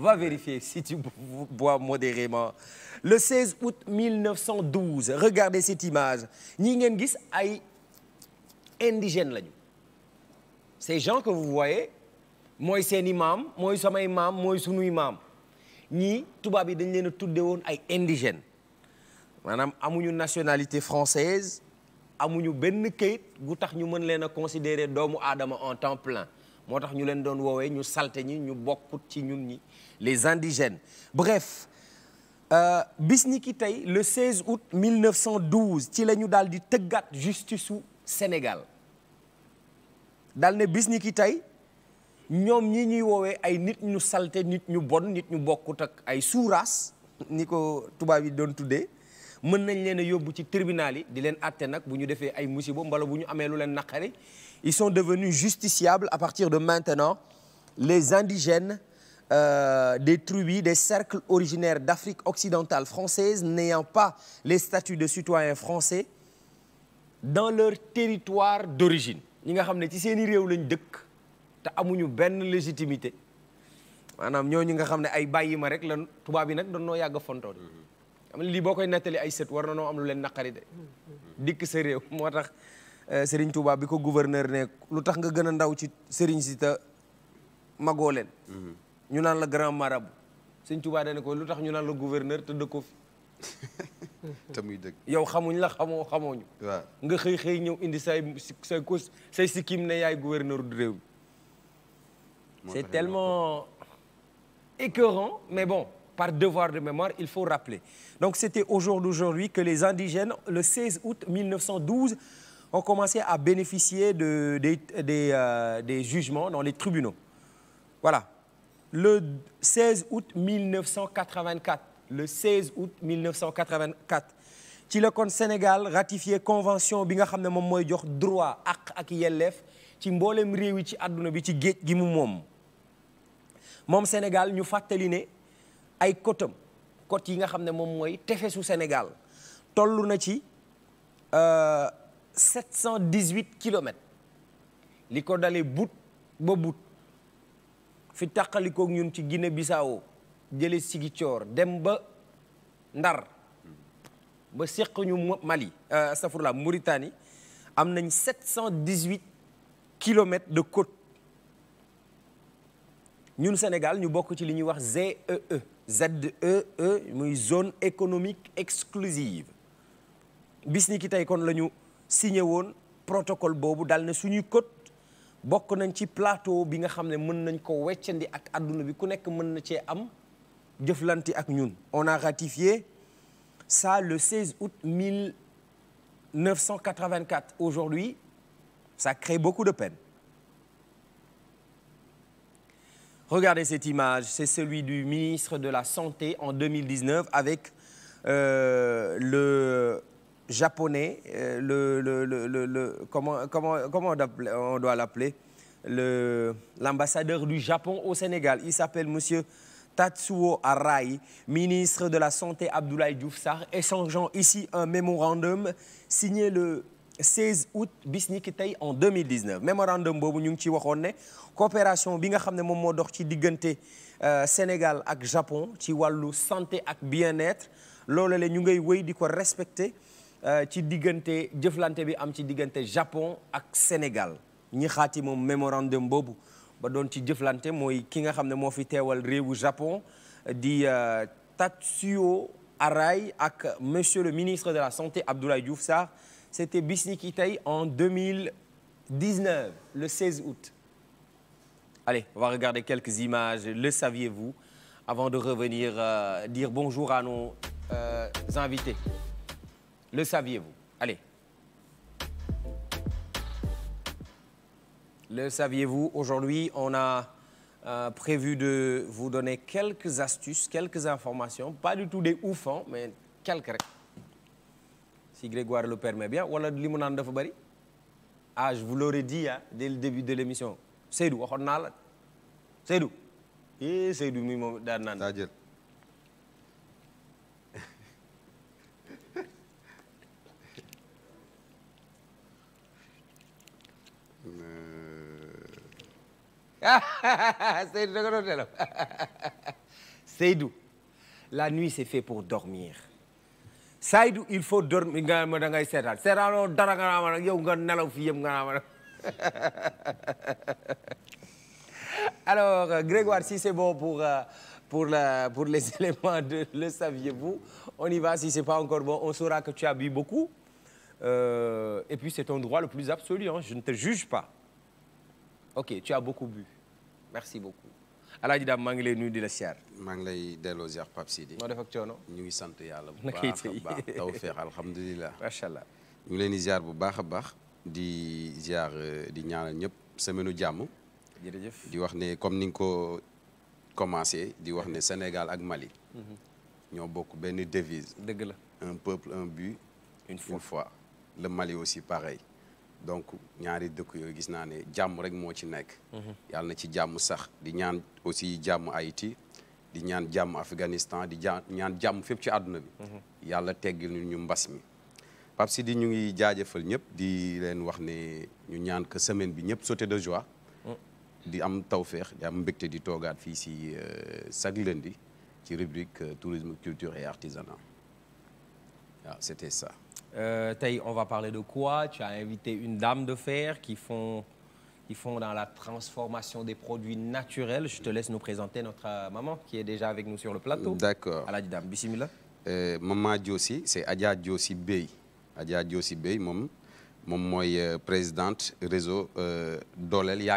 On va vérifier si tu bois modérément. Le 16 août 1912 regardez cette image ñi ngeen gis ay indigènes lañu ces gens que vous voyez mooy seeni maam mooy samay maam mooy sunuy maam ñii tubaab yi dañ leen a tudde woon ay indigènes maanaam amuñu nationalité française amuñu benn kayit gu tax ñu mën leen a considérer doomu aadama en temps plein moo tax ñu leen doon woowee ñu salte ñi ñu bokkut ci ñun ñi les indigènes bref euh, bis ni ki tey le 16 août 1912 ci la ñu daal di tëggaat justice su Sénégal daal ne bis ni ki tey ñoom ñi ñuy woowee ay nit ñu salte nit ñu bon nit ñu bokkut ak ay sous ni ko tubaab yi doon tuddee mën nañ leen a yóbbu ci tribinal yi di leen atte nag bu ñu defee ay musiba mbala bu ñu amee lu leen naqari ils sont devenus justiciables à partir de maintenant les indigènes euh, des tribus des cercles originaires d'Afrique occidentale française n'ayant pas les statuts de citoyens français dans leur territoire d'origine ñi nga xam ne ci seen seeni réew lañ dëkk te amuñu benn légitimité maanaam ñooñu nga xam ne ay bàyyi ma rek la tubaab yi nag doon noo yàgg a fontoon mm-hmm. lii boo koy nettali ay set war na noo am lu leen naqari de dikk sa réew moo tax eh, Serigne Touba bi ko gouverneur ne lu tax nga gën a ndaw ci Serigne si te magoo leen mm-hmm. ñu naan la grand marabout Serigne Touba dane ko lu tax ñu naan la gouverneur te ko fi te muy dëgg yow xamuñ la xamoo xamooñu waaw nga xëy xëy ñëw indi say say ko say sikkim ne yaay gouverneur du réew mi c'est tellement écœurant mais bon par devoir de mémoire, il faut rappeler. Donc c'était au jour d'aujourd'hui que les indigènes, le 16 août 1912, ont commencé à bénéficier de, des, des, euh, des jugements dans les Voilà. Le 16 août 1984, le 16 août 1984 ci la kon Sénégal ratifié convention bi nga xam ne moom mooy jox droit ak ak yelleef ci mboolem réew yi ci àdduna bi ci géej gi mu moom ay côtam côte yi nga xam ne moom mooy tefesu Sénégal toll na ci 718 euh, kilomètres li ko dalee but ba but fi tàqalikook ñun ci Guinée Bissau jële Ziguinchor dem ba Ndar ba séq ñu Mali euh, astafurlah Mauritanie am nañ 718 kilomètres de côte ñun Sénégal ñu bokk ci li ñuy wax ZEE ZEE e, muy zone économique exclusive bis ni tey kon la ñu signé woon protocole boobu dal ne suñuy côte bokk nañ ci plateau bi nga xam ne mën nañ ko weccandi ak adduna bi ku nekk mën na cee am jëflante ak ñun on a ratifié ça le 16 août 1984 aujourd'hui sa crée beaucoup de pen Regardez cette image, c'est de la Santé en 2019 avec euh, le japonais, euh, le, le, le, le, comment, au Sénégal. Il s'appelle monsieur Tatsuo Arai, ministre de la Santé Abdoulaye Diouf Sarr, échangeant ici 16 août bis ni ki tey en 2019 mémorandum boobu ñu ngi ci waxoon ne coopération bi nga xam ne moom moo dox ci diggante euh, Sénégal ak Japon ci wàllu santé ak bien-être loolu la ñu ngay wéy di ko respecté euh, ci diggante jëflante bi am ci diggante Japon ak Sénégal ñi xaati moom mémorandum boobu ba doon ci jëflante mooy ki nga xam ne moo fi teewal réewu Japon euh, di Tatsuo Arai ak monsieur le ministre de la santé Abdoulaye Diouf Sarr c'était bis ni ki tey en 2019 le 16 août allez on va regarder le saviez-vous avant de revenir euh, dire bonjour à nos euh, invités le saviez-vous allez le saviez on a euh, prévu de vous donner quelques astuces quelques informations pas du tout des ouf mais quelques si Grégoire le permet bien wala li mu naan dafa bëri ah je vous l'aurais dit ah dès le début de l'émission Seydou waxoon naa la Seydou eh euh. la nuit c'est fait pour dormir Seydou il faut dormir nga ma da ngay seetaan seetaanoo dara nga naa ma nag yow nga nelaw fi yëpp nga naa ma nag alors euh, Grégoire si c'est bon pour euh, pour la pour les éléments de le saviez-vous on y va si c'est pas encore bon on saura que tu as bu beaucoup euh, et puis c'est ton droit le plus absolu hein je ne te juge pas ok tu as beaucoup bu merci beaucoup alaaji daam maa ngi lay nuyu di la siyaar maa ngi lay delloo ziar Pape Sidi noo def ak ñu ngi sant yàlla bu baax a baax tawfeex alhamdulilah macha allah ngi leen di ziar bu baax a baax di ziar di ñaanal ñëpp semaine jàmm jërëjëf di wax ne comme ni nga ko commencé di wax ne Sénégal ak Mali mhm. ñoo bokk benn devise dëgg la un peuple un but une fois le Mali aussi pareil donc ñaari dëkk yooyu gis naa ne jàmm rek moo ci nekk. Mhm. yàlla na ci jàmm sax di ñaan aussi jàmm Haïti di ñaan jàmm Afghanistan di ja ñaan jàmm fépp ci àdduna bi. Mhm. yàlla teggil ñu mbas mi. que di ñu ngi jaajëfal ñëpp di leen wax ne ñu ñaan que semaine bi ñëpp sauté de joie. Mm. di am tawféex di am mbégte di toogaat fii si euh, chaque lundi ci rubrique euh, tourisme culture et artisanat waaw c'était ça. Euh, tey on va parler de quoi tu as invité une dame de fer qui font qui font dans la transformation des produits naturels je te laisse nous présenter notre euh, maman qui est déjà avec nous sur le plateau. d'accord Alaaji Dame bisimilah. Euh, maman Diossi c'est Adja moom moom mooy euh, présidente réseau euh, Dooleel